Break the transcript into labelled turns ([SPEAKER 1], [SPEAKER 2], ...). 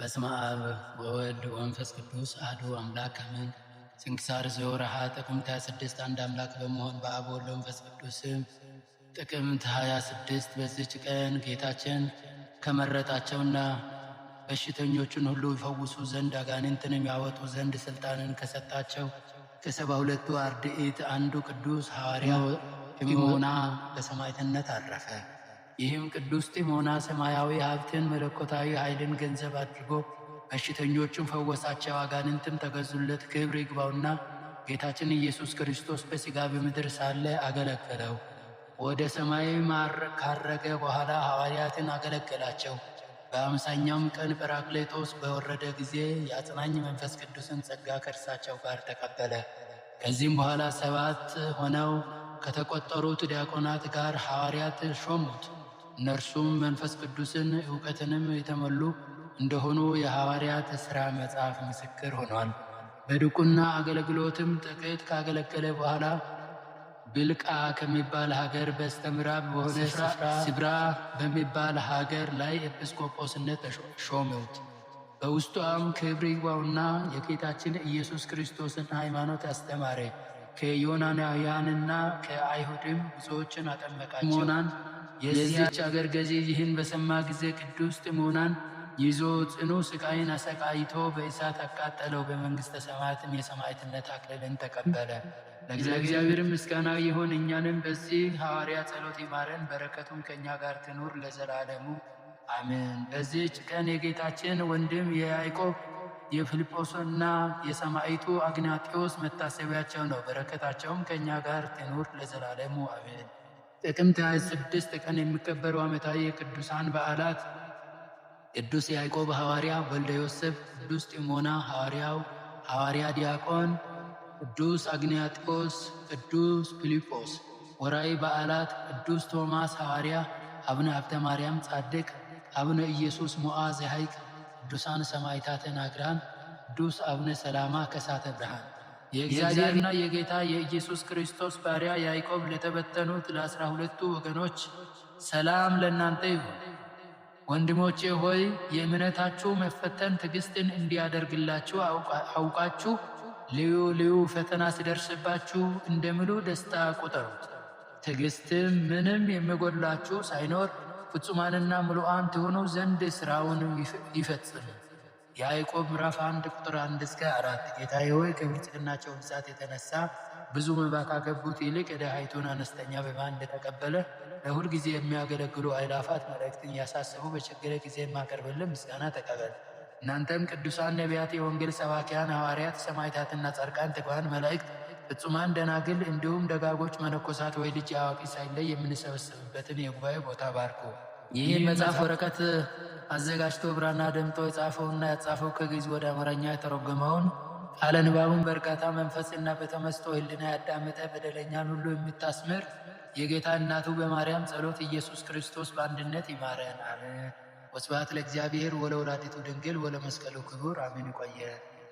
[SPEAKER 1] በስመ አብ ወወልድ ወመንፈስ ቅዱስ አሐዱ አምላክ አሜን። ስንክሳር ዘወርኃ ጥቅምት 26 አንድ አምላክ በመሆን በአብ ወወልድ ወመንፈስ ቅዱስ ጥቅምት 26 በዚች ቀን ጌታችን ከመረጣቸውና በሽተኞቹን ሁሉ ይፈውሱ ዘንድ አጋንንትን የሚያወጡ ዘንድ ሥልጣንን ከሰጣቸው ከሰባ ሁለቱ አርድእት አንዱ ቅዱስ ሐዋርያው ፊሞና በሰማዕትነት አረፈ። ይህም ቅዱስ ጢሞና ሰማያዊ ሀብትን መለኮታዊ ኃይልን ገንዘብ አድርጎ በሽተኞቹን ፈወሳቸው፣ አጋንንትም ተገዙለት። ክብር ይግባውና ጌታችን ኢየሱስ ክርስቶስ በሥጋ በምድር ሳለ አገለገለው። ወደ ሰማይ ካረገ በኋላ ሐዋርያትን አገለገላቸው። በአምሳኛውም ቀን ጰራቅሊጦስ በወረደ ጊዜ የአጽናኝ መንፈስ ቅዱስን ጸጋ ከእርሳቸው ጋር ተቀበለ። ከዚህም በኋላ ሰባት ሆነው ከተቆጠሩት ዲያቆናት ጋር ሐዋርያት ሾሙት። እነርሱም መንፈስ ቅዱስን እውቀትንም የተሞሉ እንደሆኑ የሐዋርያት ሥራ መጽሐፍ ምስክር ሆኗል። በድቁና አገልግሎትም ጥቂት ካገለገለ በኋላ ብልቃ ከሚባል ሀገር በስተምራብ በሆነ ሲብራ በሚባል ሀገር ላይ ኤጲስቆጶስነት ተሾመውት። በውስጧም ክብር ይግባውና የጌታችን ኢየሱስ ክርስቶስን ሃይማኖት ያስተማረ ከዮናናውያንና ከአይሁድም ብዙዎችን አጠመቃቸው። የዚያች አገር ገዢ ይህን በሰማ ጊዜ ቅዱስ ጥሞናን ይዞ ጽኑ ስቃይን አሰቃይቶ በእሳት አቃጠለው። በመንግሥተ ሰማያትም የሰማዕትነት አክሊልን ተቀበለ። ለእግዚአብሔር ምስጋና ይሁን። እኛንም በዚህ ሐዋርያ ጸሎት ይማረን፣ በረከቱም ከእኛ ጋር ትኑር ለዘላለሙ አሜን። በዚህች ቀን የጌታችን ወንድም የያዕቆብ የፊልጶስና የሰማዕቱ አግናጢዎስ መታሰቢያቸው ነው። በረከታቸውም ከእኛ ጋር ትኑር ለዘላለሙ አሜን። ጥቅምት 26 ቀን የሚከበሩ ዓመታዊ የቅዱሳን በዓላት ቅዱስ ያዕቆብ ሐዋርያ ወልደ ዮሴፍ፣ ቅዱስ ጢሞና ሐዋርያው ሐዋርያ ዲያቆን፣ ቅዱስ አግንያጥቆስ፣ ቅዱስ ፊልጶስ። ወርኃዊ በዓላት ቅዱስ ቶማስ ሐዋርያ፣ አቡነ ሀብተ ማርያም ጻድቅ፣ አቡነ ኢየሱስ ሞዓ ዘሐይቅ፣ ቅዱሳን ሰማዕታተ ናግራን፣ ቅዱስ አቡነ ሰላማ ከሳተ ብርሃን የእግዚአብሔርና የጌታ የኢየሱስ ክርስቶስ ባሪያ ያዕቆብ ለተበተኑት ለአስራ ሁለቱ ወገኖች ሰላም ለእናንተ ይሁን። ወንድሞቼ ሆይ የእምነታችሁ መፈተን ትዕግሥትን እንዲያደርግላችሁ አውቃችሁ ልዩ ልዩ ፈተና ሲደርስባችሁ እንደ ደስታ ቁጠሩት። ትዕግሥትም ምንም የሚጎድላችሁ ሳይኖር ፍጹማንና ምሉዓን ትሆኑ ዘንድ ሥራውን ይፈጽም። የያዕቆብ ምዕራፍ አንድ ቁጥር አንድ እስከ አራት ጌታዬ ሆይ ከብልጽግናቸው ብዛት የተነሳ ብዙ መባ ካገቡት ይልቅ የድሃይቱን አነስተኛ መባ እንደተቀበለ ለሁል ጊዜ የሚያገለግሉ አይላፋት መልእክትን እያሳሰቡ በችግረ ጊዜ የማቀርብልን ምስጋና ተቀበል። እናንተም ቅዱሳን ነቢያት፣ የወንጌል ሰባኪያን ሐዋርያት፣ ሰማዕታትና ጻድቃን፣ ትጉሃን መላእክት፣ ፍጹማን ደናግል፣ እንዲሁም ደጋጎች መነኮሳት ወይ ልጅ አዋቂ ሳይለይ የምንሰበሰብበትን የጉባኤ ቦታ ባርኩ። ይህ መጽሐፍ ወረቀት አዘጋጅቶ ብራና ደምጦ የጻፈውና ያጻፈው ከግዕዝ ወደ አማርኛ የተረጎመውን ቃለ ንባቡን በእርጋታ መንፈስና በተመስጦ ሕሊና ያዳመጠ በደለኛን ሁሉ የምታስምር የጌታ እናቱ በማርያም ጸሎት ኢየሱስ ክርስቶስ በአንድነት ይማረን፣ አሜን። ወስብሐት ለእግዚአብሔር ወለወላዲቱ ድንግል ወለመስቀሉ ክቡር፣ አሜን። ይቆየ